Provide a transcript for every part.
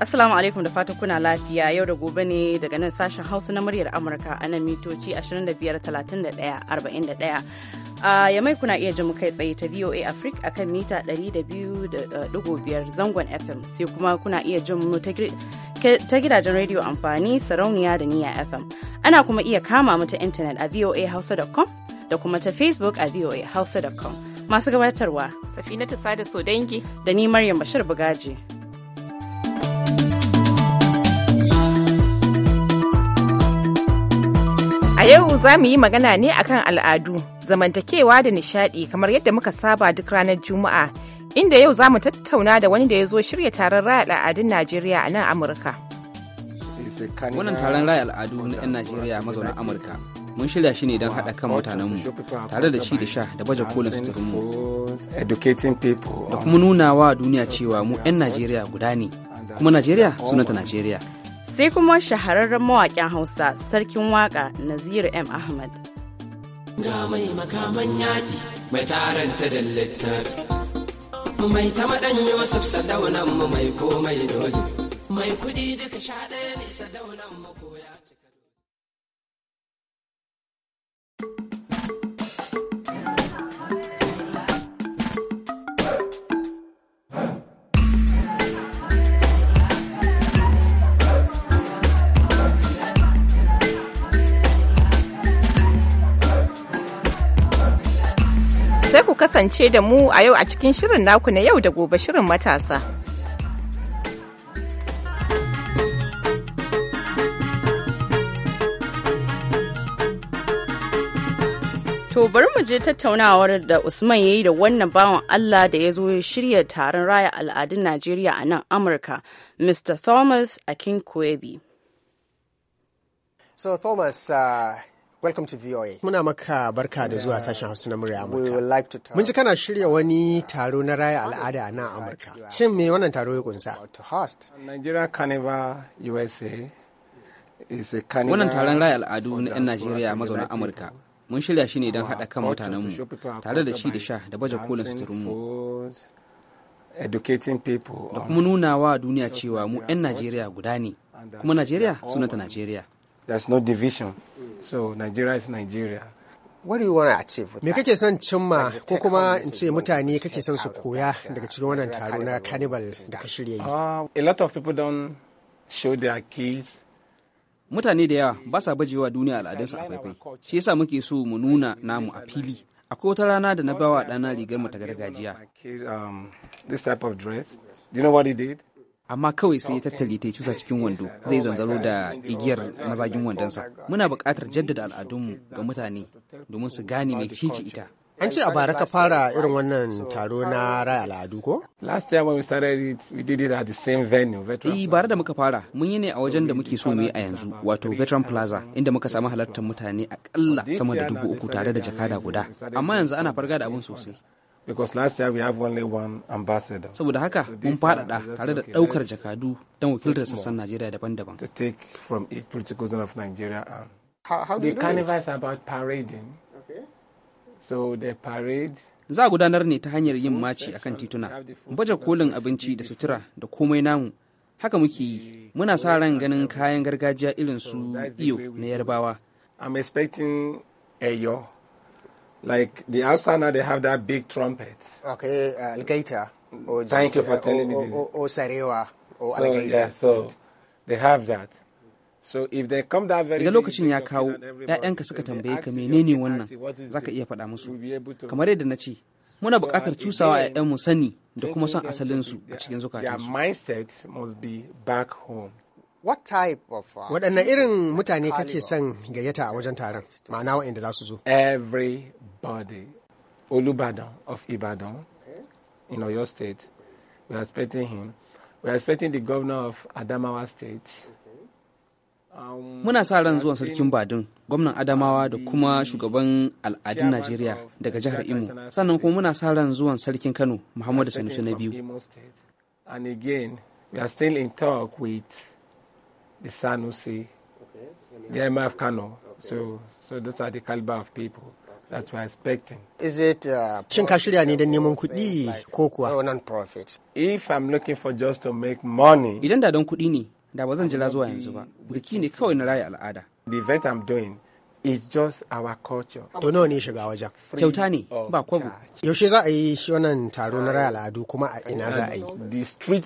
Assalamu alaikum da fatan kuna lafiya yau da gobe ne daga nan sashen Hausa na muryar Amurka a nan mitoci 25-31-41. A yamai kuna iya jin kai tsaye ta VOA Africa a kan mita 200.5 eh, zangon FM sai kuma kuna iya jin mu ta gidajen rediyo amfani sarauniya da niya FM. Ana kuma iya kama mu ta intanet a voahausa.com da kuma ta Facebook a voahausa.com. Masu gabatarwa, Safinatu Sada Sodangi da ni Maryam Bashir Bugaji. A yau za mu yi magana ne akan al'adu, zamantakewa da nishaɗi kamar yadda muka saba duk ranar Juma'a, inda yau za mu tattauna da wani da ya zo shirya taron raya al'adun Najeriya a nan Amurka. Wannan taron raya al'adu na 'yan Najeriya mazauna Amurka mun shirya shi ne don haɗa kan mutanenmu tare da shi da sha da baje kolin suturinmu da kuma nuna wa duniya cewa mu 'yan Najeriya guda ne kuma Najeriya sunanta Najeriya. sai kuma shahararren mawaƙin hausa sarkin waƙa naziru m ahmad ga mai makaman yaƙi mai taranta da littafi mai ta maɗan yusuf sadaunan mu mai komai dozin mai kuɗi duka sha ɗaya daunan mu kasance da mu a yau a cikin shirin naku na yau da gobe shirin matasa. To bari mu je tattaunawar da Usman ya yi da wannan bawan Allah da ya zo ya shirya taron raya al'adun Najeriya a nan Amurka, Mr. Thomas Akinkwebe. So Thomas, uh... Welcome to VOA. Muna maka barka da zuwa sashen Hausa na murya Amurka. Mun ji kana shirya wani taro na raya al'ada a nan Amurka. Shin me wannan taro ya kunsa? Nigeria Carnival USA Wannan taron raya al'adu na 'yan Najeriya mazauna Amurka mun shirya shi ne don haɗa kan mutanenmu tare da shi da sha da baje kolin suturunmu. Da kuma nuna wa duniya cewa mu 'yan Najeriya guda ne, kuma Najeriya sunanta Najeriya. there's no division so nigeria is nigeria what do you want to achieve me kake son cimma ko kuma in ce mutane kake son su koya daga cikin wannan taro na carnival da ka shirya yi ah, a lot of people don't show their kids mutane da yawa ba sa bajewa duniya al'adunsu a faifai shi yasa muke so mu nuna namu a fili akwai wata rana da na bawa dana rigar mu ta gargajiya dress amma kawai sai ya tattali ta cusa cikin wando zai zanzaro da igiyar mazajin wandonsa muna buƙatar jaddada al'adunmu ga mutane domin su gane mai cici ita an ce a bara ka fara irin wannan taro na raya al'adu ko last year when we started it we did it at the same venue eh bara da muka fara mun yi ne a wajen da muke so mu yi a yanzu wato veteran plaza inda muka samu halartar mutane akalla sama da dubu uku tare da jakada guda amma yanzu ana farga da abin sosai because last year we have saboda haka mun faɗaɗa tare da ɗaukar jakadu don wakiltar sassan Najeriya daban-daban to take from each za a gudanar ne ta hanyar yin maci akan tituna baje kolin abinci da sutura da komai namu haka muke yi muna sa ran ganin kayan gargajiya irin su iyo na yarbawa i'm expecting eyo Like the outside now, they have that big trumpet. Okay, uh, alligator. Or Thank you for uh, telling me. Or, or, or sarewa or so, alligator. Yeah, so they have that. Idan lokacin ya kawo, ‘ya'yanka suka tambaye ka menene wannan, za ka iya faɗa musu. Kamar yadda na ce, muna buƙatar cusawa a mu sani da kuma son asalinsu a cikin zukatansu. What type of, uh, Waɗanne irin mutane kake son gayyata a wajen taron? Ma'ana waɗanda za su zo. Everybody. Olubadan of Ibadan okay. in Oyo State. We are expecting him. We are expecting the governor of Adamawa State. Um, muna sa ran zuwan sarkin Badun, gwamnan Adamawa da kuma shugaban al'adun Najeriya daga jihar Imo. Sannan kuma muna sa ran zuwan sarkin Kano, Muhammadu Sanusi na biyu. And again, we are still in talk with the Sanusi, okay. the MF Kano. Okay. So, so those are the caliber of people. That's what I'm expecting. Is it uh, Shin ka shirya ne don neman kuɗi ko kuwa? non If I'm looking for just to make money. Idan da don kuɗi ne, da ba zan jira zuwa yanzu ba. Biki ne kawai na raya al'ada. The event I'm doing to nawa ne shiga wajen kyauta ne ba kwabo yaushe za a yi shi wannan taro na raya al'adu kuma a ina za a yi the street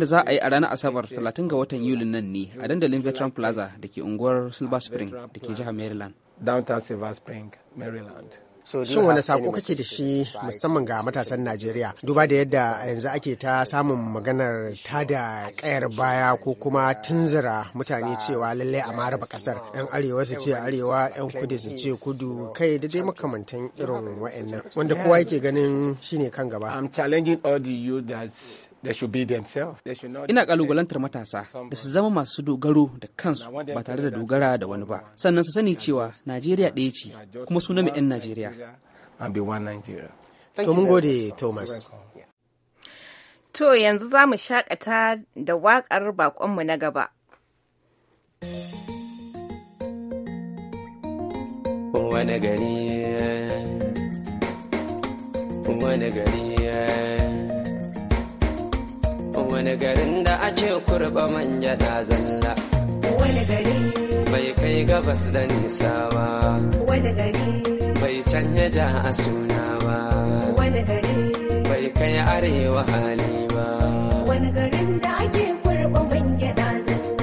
da za a yi a ranar asabar 30 ga watan yuli nan ne a dandalin veteran plaza da ke unguwar silver spring da ke jihar maryland downtown silver spring maryland shin wani sako kake da shi musamman ga matasan najeriya duba da yadda yanzu ake ta samun maganar ta da kayar baya ko kuma tunzura mutane cewa lallai a maraba kasar yan arewa su ce arewa yan kudu su ce kudu kai da dai makamantan irin wa'annan wanda kowa yake ganin shine kan gaba Ina kalubalantar matasa da su zama masu dogaro da kansu ba tare da dogara da wani ba. Sannan su sani cewa Najeriya ɗaya ce kuma suna mu 'yan Najeriya. To mun gode Thomas. To yanzu za mu shakata da waƙar baƙonmu na gaba. wane gari, wane gari. wani garin da a ce kurba manja na zalla wani gari bai kai gabas da nisa ba wani gari bai canja ja a suna ba wani gari bai kai arewa hali ba wani garin da ake kurba manja na zalla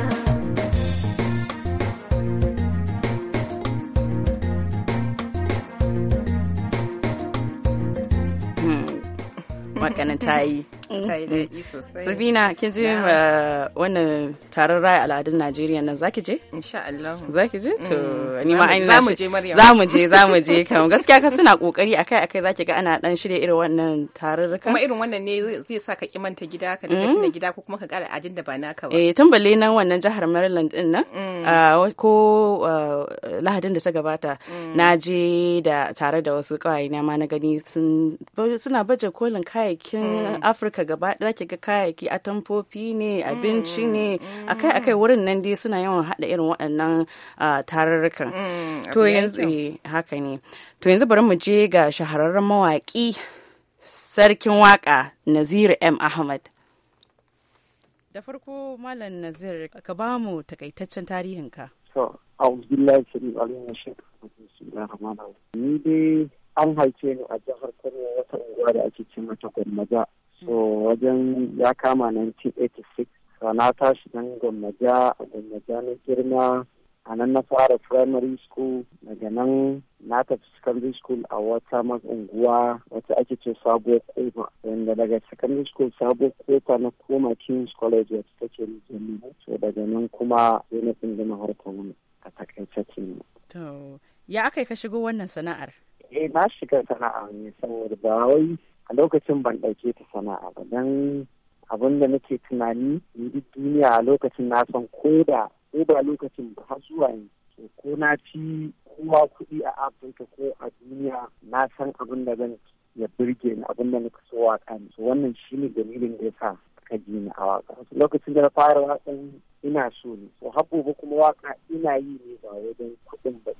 Makanin hmm. ta yi. ta yi daɗi sosai sabina kin je wannan taron raya al'adun najeriya nan zaki je insha Allah zaki je to mm. ni ma ainihin mu je maryam mu je mu je kan gaskiya ka suna kokari akai akai zaki ga ana dan shirya irin wannan tarurruka kuma irin wannan ne zai sa ka kimanta gida ka daga tuna mm. gida ko kuma ka ga al'adun da ba naka ba eh tun balle nan wannan jihar Maryland din nan mm. ko lahadin da ta gabata na je da tare da wasu kawai na ma na gani suna baje kolin kayayyakin Afirka gaba ɗaya ki ga kayayyaki a tamfofi ne abinci mm, ne mm, akai akai mm. wurin nan dai suna yawan haɗa irin waɗannan ah, tararrukan to yanzu eh, haka ne to yanzu bari mu je ga shahararren mawaƙi sarkin waƙa Naziru M Ahmad da farko malam Nazir ka ba mu takaitaccen tarihinka to ni dai an haife ni a jihar Kano wata unguwa da ake ce mata Gwammaja so wajen ya kama 1986 so na tashi nan gwammaja a gwammaja na girma a nan na fara primary school daga nan na tafi secondary school a wata unguwa wata ake ce sabuwar kofa wanda daga secondary school sabuwar kofa na koma king's college wata take jami'a so daga nan kuma ya nufin tsindima harkar wani a takaice kenan. to ya aka ka shigo wannan sana'ar eh na shiga sana'a ne saboda ba wai a lokacin ban ɗauke ta sana'a ba don abin da nake tunani duk duniya a lokacin na san ko da ko ba lokacin ba har zuwa yanzu ko na ci kowa kuɗi a afirka ko a duniya na san abin da zan ya birge ni abin da nake so waƙa ni wannan shi ne dalilin da yasa ka ji ni a waka lokacin da na fara wakan ina so ne so har gobe kuma waƙa ina yi ne ba wajen kuɗin ba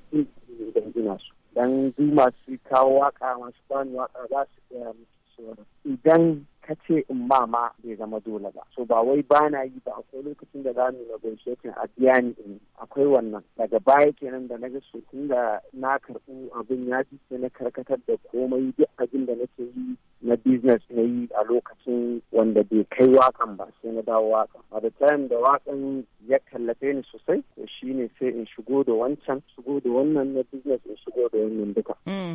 idan ina so dan duma su kawo waka masu bani waka za su gaya musu idan ka ce in ba ma bai zama dole ba so ba wai ba na yi ba akwai lokacin da za mu negotiating a biya ni in akwai wannan daga baya kenan da na ga so da na karɓu abin ya ji sai na karkatar da komai duk abin da nake yi na business na yi a lokacin wanda bai kai wakan ba sai na dawo wakan a da time da wakan ya kallafe ni sosai to ne sai in shigo da wancan shigo da wannan na business in shigo da wannan duka. Mm.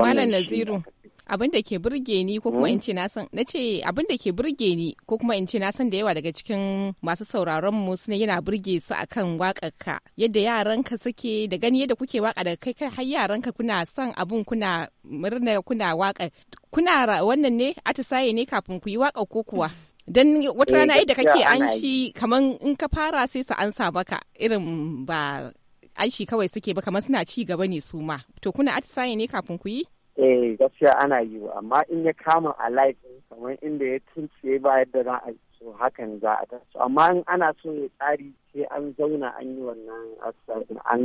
Malam Naziru abin da ke burge ni ko kuma in hmm? ce na san na ce kare abin da ke burge ni ko kuma in ce na san da yawa daga cikin masu sauraron mu suna yana burge su akan ka yadda yaranka suke da gani yadda kuke waka da kai kai har yaranka kuna son abun kuna murna kuna waka kuna wannan ne atisaye ne kafin ku yi waka ko kuwa don wata rana eh, da kake an shi kamar in ka fara sai su ansa maka irin ba an shi kawai suke ba kamar suna ci gaba ne su ma to kuna atisaye ne kafin ku yi eh gaskiya ana yi amma in ya kama a laifin kamar inda ya tunce ba yadda za a so hakan za a so amma in ana so ya tsari sai an zauna an yi wannan asibitin an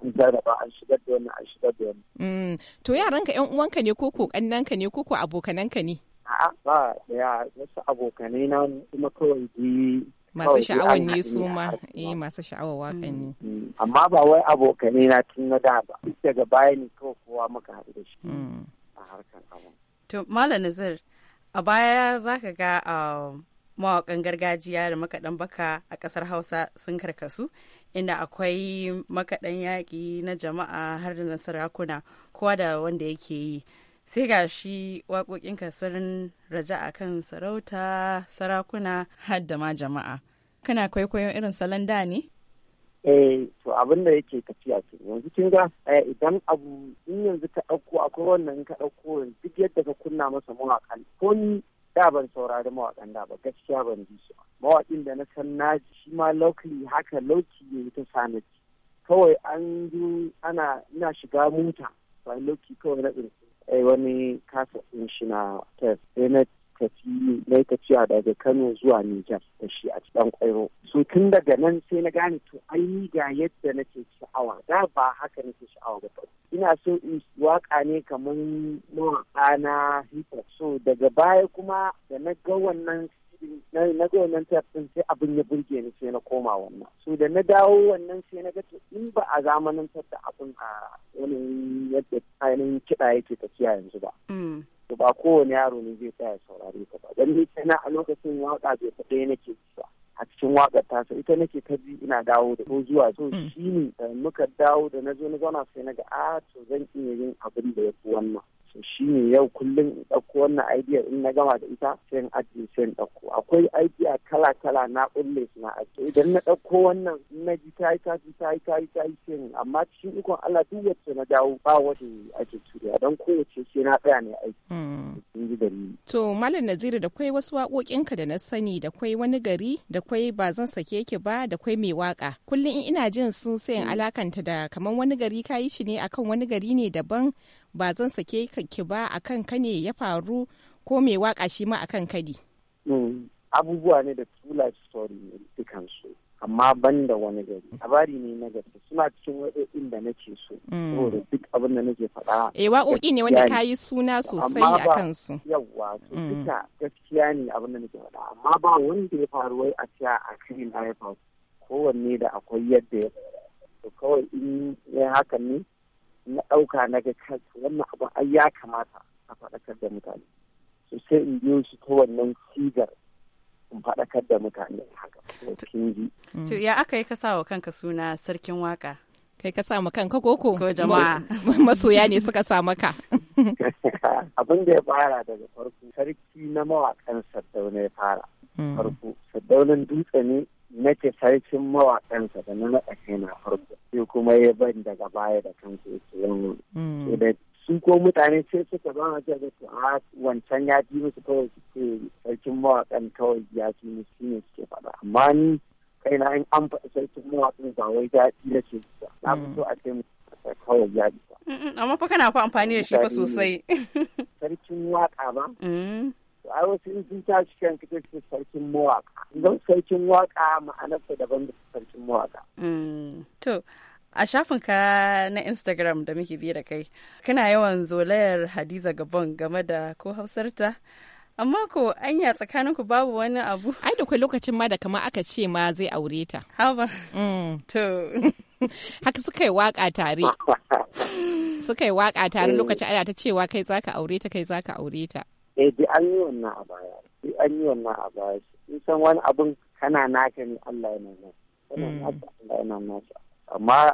an zaraba an shigar da wannan an shigar da wannan. Mm. to yaranka yan uwanka ne ko ko kannanka ne ko ko abokananka ne. a'a ba ya wasu abokanai na kuma kawai Eh, masu sha'awar ne su ma eh masu sha'awar wakan ne amma ba wai abokanai na tun na da ba daga baya ne kawai kowa muka haɗu da shi mm. a harkar abin to malam nazir a baya za ka ga um, mawakan gargajiya da makaɗan baka a ƙasar hausa sun karkasu inda akwai makaɗan yaƙi na jama'a har da na sarakuna kowa da wanda yake yi sai ga shi waƙoƙinka sun raja a kan sarauta sarakuna har da ma jama'a Kana kwaikwayon irin salon da ne? eh to abin da yake tafiya ke yanzu kin ga eh, idan abu in yanzu ka ɗauko akwai wannan ka ɗauko duk yadda ka kunna masa mawaƙan ko ni da ban saurari mawaƙan da ba gaskiya ban ji su mawaƙin da na san na ji shi ma locally haka loki ya yi ta sanadi kawai an ji ana ina shiga mota ba loki kawai na tsinci eh, wani kasa ɗin shi na test sai na tafi na tafiya daga Kano zuwa Niger da shi a cikin kwairo. So tun daga nan sai na gane to ai ni ga yadda nake sha'awa da ba haka nake sha'awa ba. Ina so in waka ne kamar mawaƙa na hip So daga baya kuma da na ga wannan na ga wannan sai abin ya burge ni sai na koma wannan so da na dawo wannan sai na ga to in ba a zamanin da abin a wani yadda ainihin kiɗa yake tafiya yanzu ba mm. to ba kowane yaro ne zai tsaya saurare ka ba dan ni kana a lokacin waka bai faɗe nake ba a cikin wakar tasa ita nake ta ji ina dawo da zuwa to hmm. shi ne eh, muka dawo da na zo na zauna sai na ga a ah, to zan iya yin abin da ya fi wannan so shi ne yau kullum in ɗauko wannan idea in na gama da ita sai in ajiye sai in ɗauko akwai idea kala kala na kulle su na ajiye idan na ɗauko wannan na ji tayi tayi tayi ji tayi amma cikin ikon Allah duk wacce na dawo ba wata ake turiya don kowace sai na tsaya ne aiki. Sun hmm. To Malam Naziru da kwai wasu waƙoƙinka da na sani da kwai wani gari da kwai ba zan sake ki ba da kwai mai waka kullum in ina jin sun sayan hmm. alakanta da kamar wani gari kayi yi shi ne akan wani gari ne daban ba zan sake ki ba a kan ka ne ya faru ko mai waka shi ma a kan ka ne. Mm, abubuwa ne da true life story ne dukansu amma ban da wani gari labari ne na gaske suna cikin waɗoɗin da nake so mm. saboda duk abin da nake faɗa eh waƙoƙi ne wanda ka yi suna sosai a kansu yawwa to mm. duka gaskiya ne abin da nake faɗa amma ba wanda ya faru wai a ciya a kai na ya faru kowanne da akwai yadda ya kawai in ya hakan ne na ɗauka na ga kai wannan abu ai ya kamata a faɗakar da mutane Su sai in biyo su ta wannan sigar in faɗakar da mutane haka to mm. ya aka yi kasa wa kanka suna sarkin waka kai ka sa ma kanka koko ko jama'a masoya ne suka sa maka abin da ya fara daga farko sarki na mawakan sardauna fara mm. farko sardaunan dutse ne nake sarkin mawaƙansa da na naɗa kai na farko sai kuma ya ban daga baya da kansa yake yin mm. da su ko mutane sai suka ba ma da su a ah, wancan ya fi musu kawai suke sarkin mawaƙan kawai ya fi musu shi ne suke faɗa amma ni kai na an an faɗi sarkin mawaƙan ba wai daɗi na ce na fi so a ce musu kawai ya fi amma fa kana fa amfani da shi fa sosai sarkin waƙa ba mm. a wasu in sun tashi kan kake su sarkin mawaka don sarkin waka ma'anarsa daban da sarkin mawaka. Mm. to a shafin ka na instagram da muke biye da kai kana yawan zolayar hadiza gabon game da ko hausarta amma ko anya tsakanin ku babu wani abu ai da kwai lokacin ma da kama aka ce ma zai aure ta haba mm. to haka suka yi waka tare suka yi waka tare lokacin ana ta cewa kai zaka aure ta kai zaka aure ta eh bi an yi wannan a baya bi an yi wannan a baya in san wani abin kana naka ne Allah ya nuna hmm. Allah amma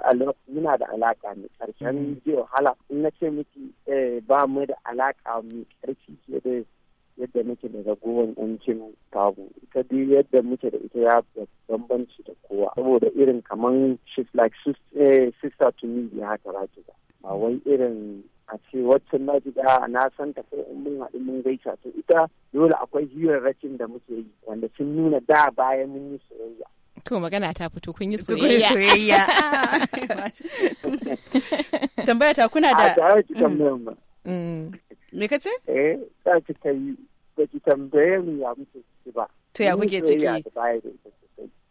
muna da alaka mai karshen zai hmm. wahala in na ce miki eh, ba mu da alaka mai karfi ke da yadda muke da ragowar yankin tabu ita biyu yadda muke da ita ya bambanci da kowa saboda irin kaman shift like eh, sister to me ya haka raki ba wai irin a ce wacce na ji da na san ta kai in mun haɗu mun gaisa to ita dole akwai hirarrakin da muke yi wanda sun nuna da bayan mun yi soyayya To magana ta fito kun yi soyayya. Tambaya ta kuna da. A Me kace? Eh, za ki ta yi da ki tambaye mu ya muke ciki ba. To ya kuke ciki?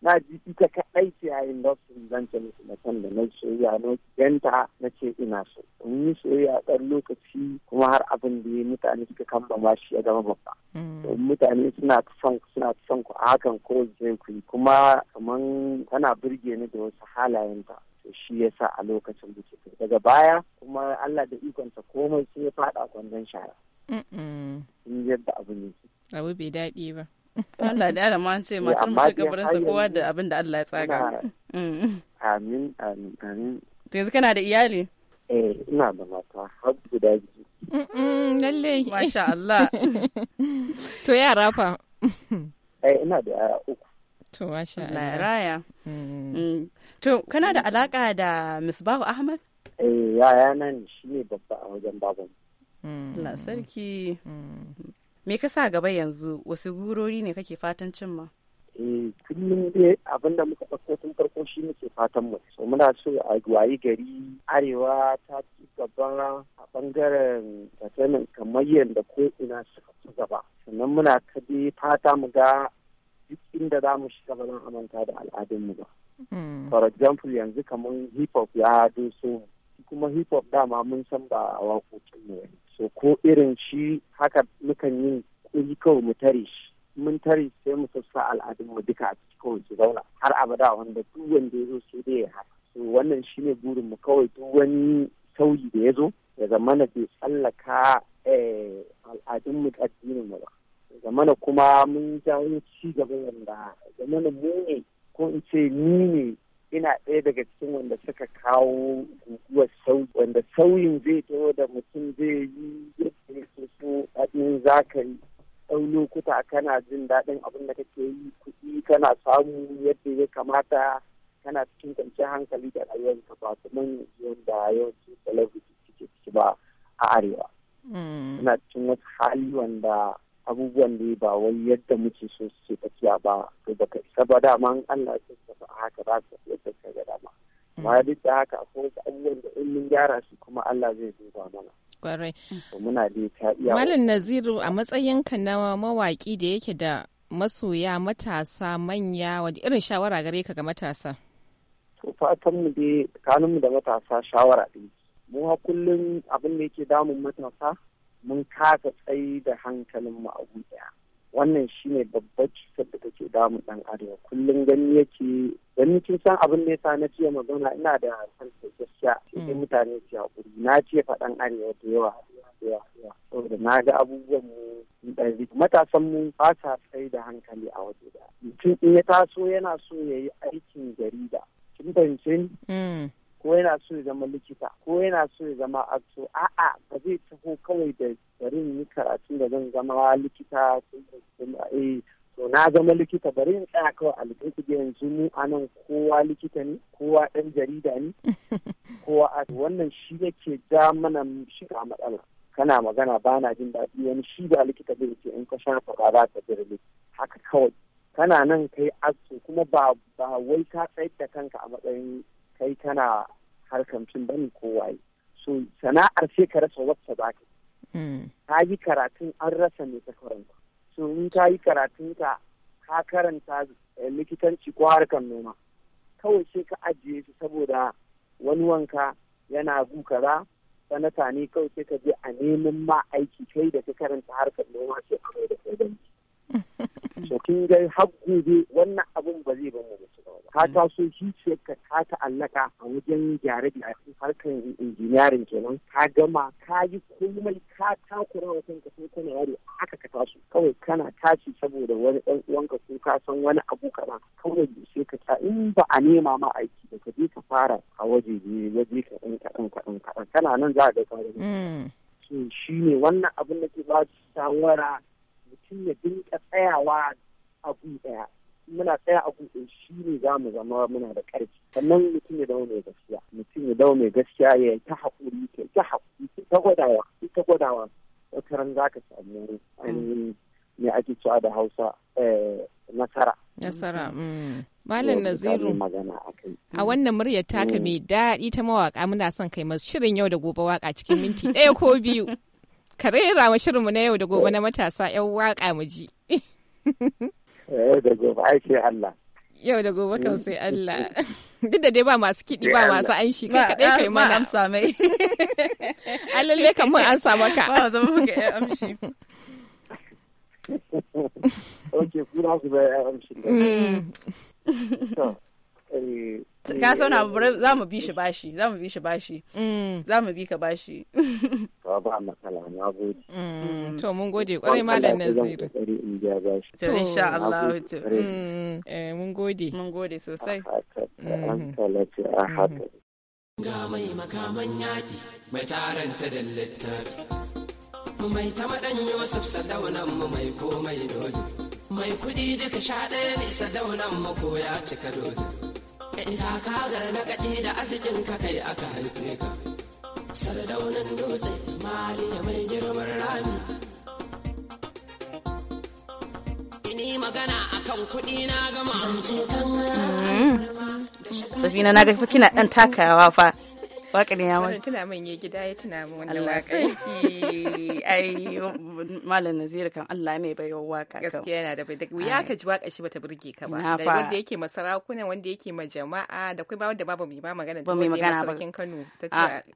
Na ji ka kaɗai ki ya yin lokacin zan ce musu na kan da na soyayya na ganta na ce ina so. Mun yi soyayya ɗan lokaci kuma har abin da ya mutane suka kamba ma shi ya zama babba. Hmm. Mutane suna son suna son ku a hakan ko zai ku yi kuma kaman tana birge ni da wasu halayenta. shi yasa a lokacin da daga baya kuma Allah da ikonsa komai sai ya fada kwandon shara. In yadda abu ne. Abu bai daɗi ba. Allah da Adam an ce eh, matar mu shiga barinsa kowa da abin da Allah ya tsaga. Mm. Amin amin amin. To yanzu kana da iyali? Eh ina da mata har guda biyu. Lalle. Masha Allah. To yara fa. Eh ina da yara uku. To masha Allah. Raya. Mm. To kana da alaka da Misbahu Ahmad? eh yaya nan shine babba a wajen baban hmm. sarki hmm. me ka sa gaba yanzu wasu gurori ne kake fatan cimma eh kullum dai abin da muka ɗauko tun farko shi muke fatan mu so muna so a wayi gari arewa ta ci gaba a bangaren tattalin kamar yadda ko ina suka ci gaba sannan muna ta fata mu ga duk inda za mu shiga ba zan amanta da al'adunmu ba hmm. for example yanzu kamar hip hop ya doso kuma hip hop dama mun san ba a waƙoƙin mu so ko irin shi haka mukan yi kuri kawai mu tare shi mun tare sai mu sassa al'adun mu duka a ciki kawai su zauna har abada wanda duk wanda ya zo su da ya haka so wannan shi ne burin mu kawai duk wani sauyi da ya zo ya na bai tsallaka eh, al'adun mu addinin mu ba ya zamana kuma mun jawo ci gaba wanda zamana mu ne ko in ce ni ne ina ɗaya daga cikin wanda suka kawo guguwar sauyi wanda sauyin zai taho da mutum zai yi yadda ya so abin za ka yi ɗau lokuta kana jin daɗin abin da kake yi kuɗi kana samu yadda ya kamata kana cikin kwanciyar hankali da rayuwarka ba kamar yanzu wanda yawanci talabijin suke ciki ba a arewa. Mm. Ina cikin wasu hali wanda abubuwan ne ba wai yadda muke so su ce tafiya ba to baka isa ba dama in Allah ya tafi haka ba ka yadda ka ga dama amma mm. duk da haka akwai wasu abubuwan da in mun gyara su kuma Allah zai duba mana kwarai muna da ta iya Malam Naziru a matsayinka na mawaki da yake da masoya matasa manya wani irin shawara gare ka ga matasa to fatan mu dai da matasa shawara ɗin mu ha kullum abin da yake damun matasa mun kasa tsayi da mu a ɗaya wannan shine babbar cutar da take damu dan arewa kullum gani yake gani kin san abin da yasa na ce magana ina da kanta gaskiya idan mm. mutane su hakuri na ce faɗan arewa da yawa saboda na ga abubuwan mu matasan mu ba sa tsayi da hankali a waje da mutum in ya taso yana so ya yi aikin jarida kin fahimce ni mm. ko yana so ya zama likita ko yana so ya zama akto a'a ba zai taho kawai da bari in yi karatun da zan zama likita eh, to na zama likita bari in tsaya kawai a likita yanzu mu anan kowa likita ne kowa dan jarida ne kowa a wannan shi yake ja mana shiga matsala kana magana ba na jin daɗi wani shi ba likita bai ce in ka shafa ba za ta birni haka kawai kana nan kai asu kuma ba wai ka tsayar da kanka a matsayin kai kana harkan fim bane kowai so sana'ar sai ka rasa wacce za ka hmm. ka yi karatun an rasa ne ta karanta so in ka yi karatun ka ka karanta eh, likitanci ko harkar noma kawai sai ka ajiye su saboda wani wanka yana gukara sanata ne kawai sai ka je a neman ma aiki kai da ka karanta harkar noma sai a da kai so kin ga har gobe wannan abun ba zai ba mu ba ka taso zuciyarka ka ta'allaka a wajen gyare a harkar injiniyarin kenan ka gama ka yi komai ka takura wa kanka sai kana yaro haka ka taso kawai kana tashi saboda wani ɗan uwanka ko ka san wani abu kaza kawai sai ka ta in ba a nema ma aiki da ka je ka fara a waje ne waje ka ɗan kaɗan kaɗan kaɗan kana nan za a ga kawai mm. shi ne wannan abin da ke ba shawara mutum ya dinka tsayawa a gu muna tsaya a gu shi ne za mu zama muna da ƙarfi sannan mutum ya dawo mai gaskiya mutum ya dawo mai gaskiya ya ta haƙuri ya ta haƙuri ta gwadawa ta gwadawa wata ran za ka samu ainihin mai ake cewa da hausa eh, nasara nasara mm. malam naziru a wannan murya taka mm. mai daɗi ta mawaƙa muna son kai masu shirin yau da gobe waka cikin minti ɗaya ko biyu ka rera wa shirinmu na yau da gobe na matasa yan waka mu ji. Yau eh, da gobe ai Allah. Yau da gobe kan sai Allah. Duk da dai ba masu kiɗi ba masu an shi kai kaɗai kai mana. Ba amsa mai. An lalle kan mun an samu ka. Ba zama amshi. amshi. Mm. Eh, ka sauna eh, za mu bi shi bashi za mu bi shi bashi mm. za mu bi ka bashi ba ba matsala na gode mm. Mm. to mun gode kwarai malam naziru to insha Allah to eh mun gode mun gode sosai ga mai makaman yaki mai taranta da littafi mu mai ta madan yusuf sadaunan mu mai komai dozi mai kudi duka sha daya ne sadaunan mako ya cika dozi isa kagar na kaɗe da asikin ka kai aka haife ka. Sardaunan dutse ya mai girman rami. Ini magana akan kuɗi na gama. Mm. Safina na ga kina ɗan takawa fa. waka ne ya wani tuna min yi gida ya tuna min wani waka sarki ai malam Nazir kan Allah mai bayo waka gaskiya yana da bai wuya ka ji waka shi bata burge ka ba da wanda yake ma sarakuna wanda yake ma jama'a da kai ba wanda ba ba mai ba magana da wanda ya sarkin Kano ta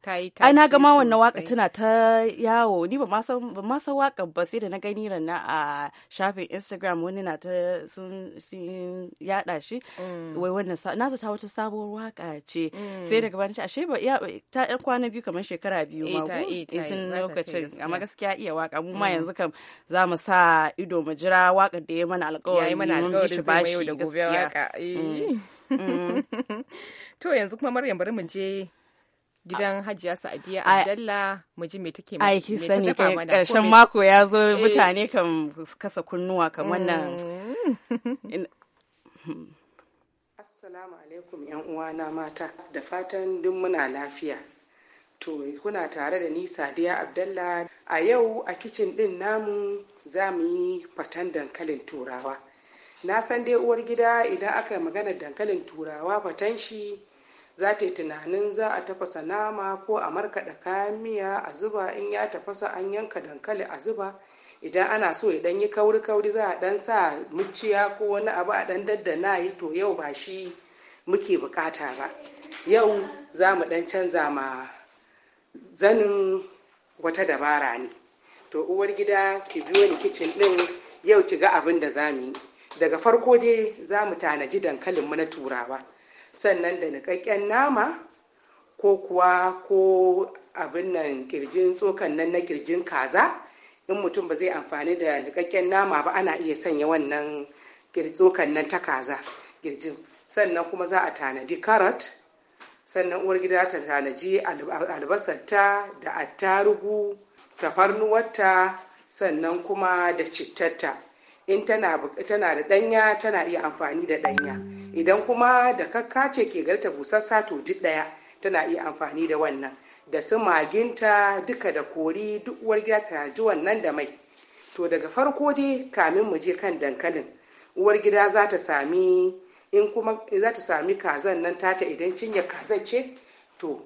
ta yi ta ai na ga ma wannan waka tana ta yawo ni ba ma san ba ma san waka ba sai da na gani ranna na a shafin Instagram wani na ta sun sun yada shi mm. wai wannan na zata wata sabuwar waka ce mm. sai daga bani ashe ba ta yan kwana biyu kamar shekara biyu eh, ma tun lokacin amma gaskiya iya waka mu ma mm. yanzu kam za mu sa ido mu jira wakar da ya mana alkawari mun shi bashi gaskiya eh. mm. to yanzu kuma Maryam bari mu je gidan hajiya sa'adiya abdalla mu ji me take mai ki sani kai karshen mako ya zo eh. mutane kam kasa kunnuwa kan wannan mm. Assalamu alaikum yan uwana mata da fatan duk muna lafiya. To kuna tare da ni Sadiya Abdalla a yau a kicin ɗin namu za mu yi fatan dankalin turawa. Na san dai uwar gida idan aka yi magana dankalin turawa fatan shi za ta yi tunanin za a tafasa nama ko a markaɗa kayan miya a zuba in ya tafasa an yanka dankali a zuba. idan ana so idan yi kauri kauri za a dan sa muciya ko wani abu a dan daddana yi to yau ba shi muke bukata ba yau za mu dan canza ma zanin wata dabara ne to uwar gida ki biyo ni kicin din yau ki ga abin da zamu yi daga farko dai za mu tanaji mu na turawa sannan da niƙaƙƙen nama ko kuwa ko abin nan kirjin tsokan nan na kirjin kaza in mutum ba zai amfani da niƙaƙƙen nama ba ana iya sanya wannan tsokan nan ta kaza kirjin sannan kuma za a tanadi karat sannan uwar gida ta tanaji albasarta da attarugu tafarnuwarta sannan kuma da cittata in tana da ɗanya tana iya amfani da ɗanya idan kuma da kakka ce ke garta busassa to duk ɗaya tana iya amfani da wannan da su maginta duka da kori duk uwar gida ta ji wannan da mai to daga farko dai kamin mu je kan dankalin uwar gida za ta sami in kuma za ta sami kazan nan tata idan cinye kazan ce to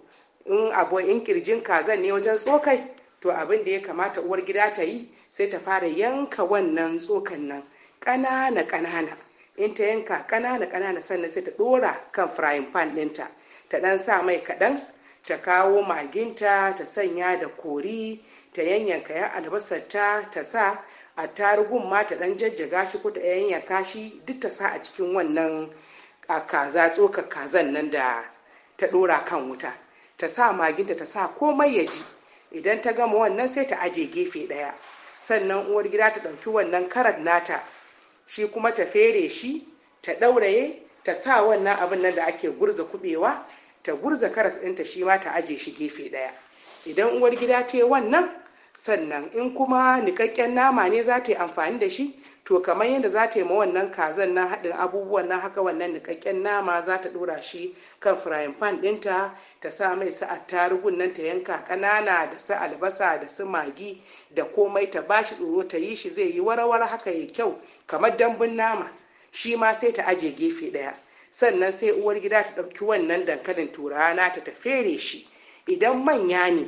in abu in kirjin kazan ne wajen tsokai to abin da ya kamata uwar gida ta yi sai ta fara yanka wannan tsokan nan ƙanana ƙanana in ta yanka ƙanana ƙanana sannan sai ta ɗora kan frying pan ɗinta ta ɗan sa mai kaɗan ta kawo maginta ta sanya da kori ta yanyanka ya albasarta ta sa a tarugun ma ta ɗan jajjaga shi ko ta yanyanka shi duk ta sa a cikin wannan a kaza tsokar kazan nan da ta ɗora kan wuta ta sa maginta ta sa komai ya ji idan ta gama wannan sai ta aje gefe ɗaya sannan uwar gida ta ɗauki wannan karat nata shi kuma ta fere shi ta ɗauraye ta sa wannan abin nan da ake gurza kubewa ta gurza karas ɗinta shi ma ta aje shi gefe ɗaya idan uwar gida ta yi wannan sannan in kuma niƙaƙƙen nama ne za ta yi amfani da shi to kamar yadda za ta yi ma wannan kazan na haɗin abubuwan na haka wannan nikakken nama za ta ɗora shi kan frying pan ɗinta ta sa mai su attarugun nan ta yanka ƙanana da su albasa da su magi da komai ta ba shi tsoro ta yi shi zai yi warawar haka ya kyau kamar dambun nama shi ma sai ta aje gefe ɗaya sannan sai uwar gida ta ɗauki wannan dankalin turawa nata ta fere shi idan manya ne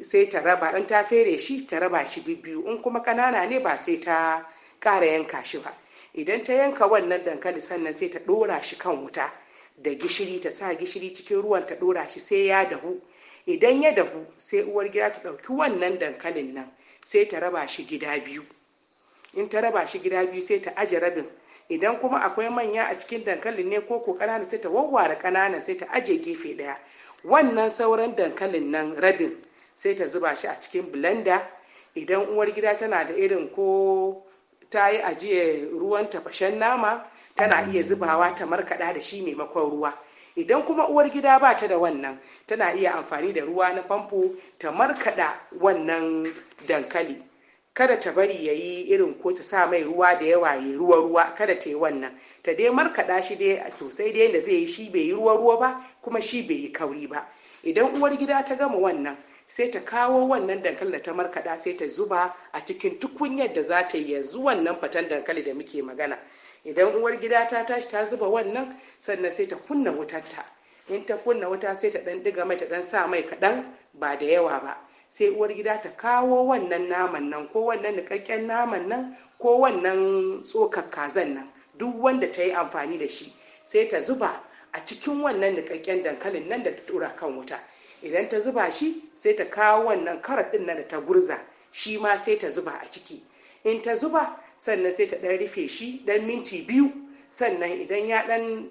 sai ta raba in ta fere shi ta raba shi bibbiyu in kuma ƙanana ne ba sai ta ƙara yanka shi ba idan ta yanka wannan dankali sannan sai ta dora shi kan wuta da gishiri ta sa gishiri cikin ruwan ta dora shi sai ya dahu idan ya dahu sai uwar gida ta ɗauki wannan dankalin nan sai ta raba shi gida biyu in ta raba shi gida biyu sai ta aje rabin idan kuma akwai manya a cikin dankalin ne ko ko ƙanana sai ta wawware ƙananan sai ta aje gefe ɗaya wannan sauran dankalin nan rabin sai ta zuba shi a cikin blender idan uwar gida tana da irin ko ta yi ajiye ruwan tafashen nama tana iya zubawa ta markaɗa da shi maimakon ruwa idan kuma uwar gida ba ta da wannan tana iya amfani da ruwa na famfo ta markaɗa wannan dankali kada ta bari ya yi irin ko ta sa mai ruwa da yawa ya ruwa ruwa kada ta yi wannan ta dai markaɗa shi dai sosai dai da zai yi shi bai yi ruwa ruwa ba kuma shi bai yi kauri ba idan uwar gida ta gama wannan sai ta kawo wannan dankali da ta markaɗa sai ta zuba a cikin tukunyar da za ta yi yanzu wannan fatan dankali da muke magana idan uwar gida ta tashi ta zuba wannan sannan sai ta kunna wutarta in ta kunna wuta sai ta ɗan diga mai ta ɗan sa mai kaɗan ba da yawa ba sai uwar gida ta kawo wannan naman nan ko wannan niƙaƙƙen naman nan ko wannan tsokar kazan nan duk wanda ta yi amfani da shi sai ta zuba a cikin wannan niƙaƙƙen dankalin nan da ta tura kan wuta idan ta zuba shi sai ta kawo wannan karat ɗin nan da ta gurza shi ma sai ta zuba a ciki in ta zuba sannan sai ta ɗan rufe shi ɗan minti biyu sannan idan ya ɗan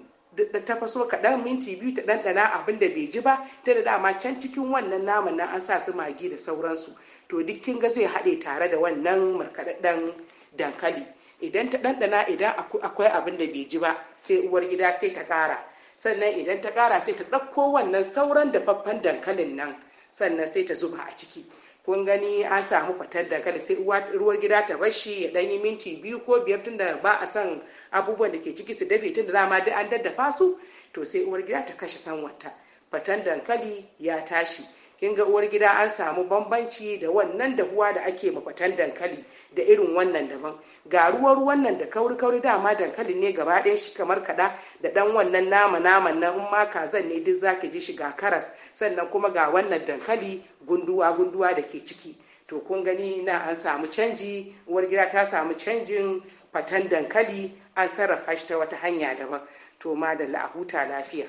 da ta kaɗan minti biyu ta ɗanɗana abin da bai ji ba ta da dama can cikin wannan naman nan an sa su magi da sauransu to duk kin ga zai haɗe tare da wannan markaɗaɗɗen dankali idan ta ɗanɗana idan akwai abin da bai ji ba sai uwar gida sai ta ƙara sannan idan ta kara sai ta ɗauko wannan sauran dafaffen dankalin nan sannan sai ta zuba a ciki kun gani an samu kwatar dankali sai ruwan gida ta bashi ya dan yi minti biyu ko biyar tunda ba a son abubuwan da ke ciki su dafe da dama duk an daddafa su to sai uwar gida ta kashe sanwata fatan dankali ya tashi kin ga uwar gida an samu bambanci da wannan dahuwa da ake mafatan dankali da irin wannan daban ga ruwar ruwan nan da kauri kauri dama dankali ne gaba ɗaya shi kamar kaɗa. da ɗan wannan nama naman na in ma kazan ne duk zaki ji shi ga karas sannan kuma ga wannan dankali gunduwa gunduwa da ke ciki to kun gani na an samu canji uwar gida ta samu canjin fatan dankali an sarrafa shi ta wata hanya daban to ma a huta lafiya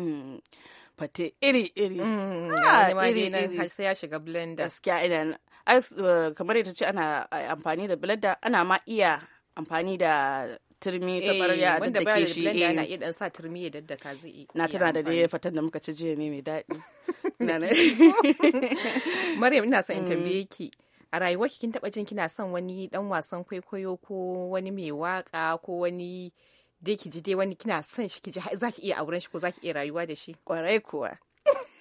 mm. fate iri-iri. iri-iri. Mm, sai ya shiga blender. Gaskiya ina eh, kamar yadda ce ana eh, amfani da blender ana ma iya amfani da turmi ta barya eh, da dake shi eh ana iya dan sa turmi ya daddaka zai na tana da dai fatan da muka ci jiya ne mai daɗi Maryam ina son in mm. tambaye ki a rayuwar kin taba jin kina son wani dan wasan kwaikwayo ko wani mai waka ko wani da ki ji dai wani kina son shi kiji za ki iya auren shi ko za ki iya rayuwa da shi kwarai kuwa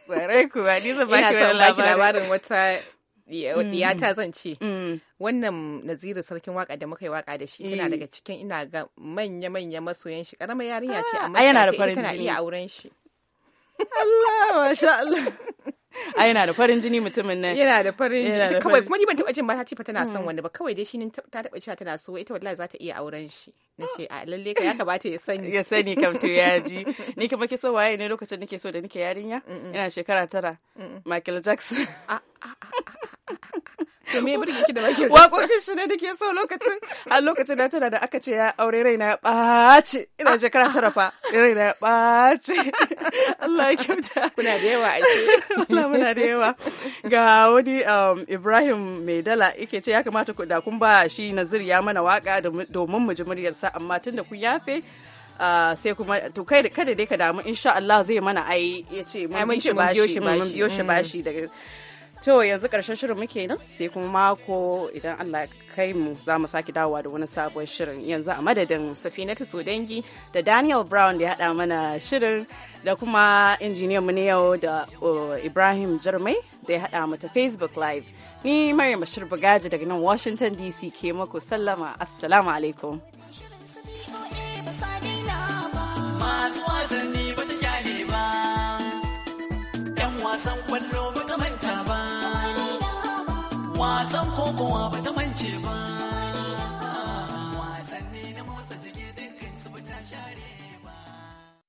kwarai kuwa ni zan ba ki labarin labarin wata mm. diyata zan ce mm. wannan naziru sarkin waka da muka yi waka da shi tana mm. daga cikin ina ga manya manya masoyan shi karama yarinya ce ah, amma tana iya auren shi Allah masha Allah a yana da farin jini mutumin nan yana da farin jini kawai kuma ni ban taba jin ba ta ce fa tana son mm. wanda ba kawai dai shi ne ta taba cewa tana so ita wallahi za ta iya auren shi na ce a lalle ka ya kamata ya sani ya sani kam to ya ji ni kuma ke so waye ne lokacin nake so da nake yarinya ina shekara tara Michael Jackson me burge ki da bakin waƙoƙin shi ne da ke so lokacin a lokacin na tana da aka ce ya aure raina ya ɓaci ina shekara tara fa raina ya ɓaci Allah ya kyauta kuna da yawa a ce muna da yawa ga wani um, Ibrahim mai dala yake ce ya kamata ku da kun ba shi nazir ya mana waka domin mu ji muryarsa amma tunda kun yafe uh, sai kuma to kai da kada dai ka damu insha Allah zai mana ai yace mun biyo shi mun biyo shi mm. bashi daga To yanzu ƙarshen shirin muke nan sai kuma mako idan Allah kai mu za mu sake dawowa da wani sabon shirin yanzu a madadin Safinatu Sodangi da Daniel Brown da ya haɗa mana shirin da kuma injiniyan mu ne yau da Ibrahim Jarmai da ya haɗa mata Facebook Live. Ni Maryam Bashir Bugaji daga nan Washington DC ke muku sallama Assalamu alaikum. Masu wasanni ba ta ba, 'yan wasan kwallo ba ta manta. wasan kokowa ba ta mance ba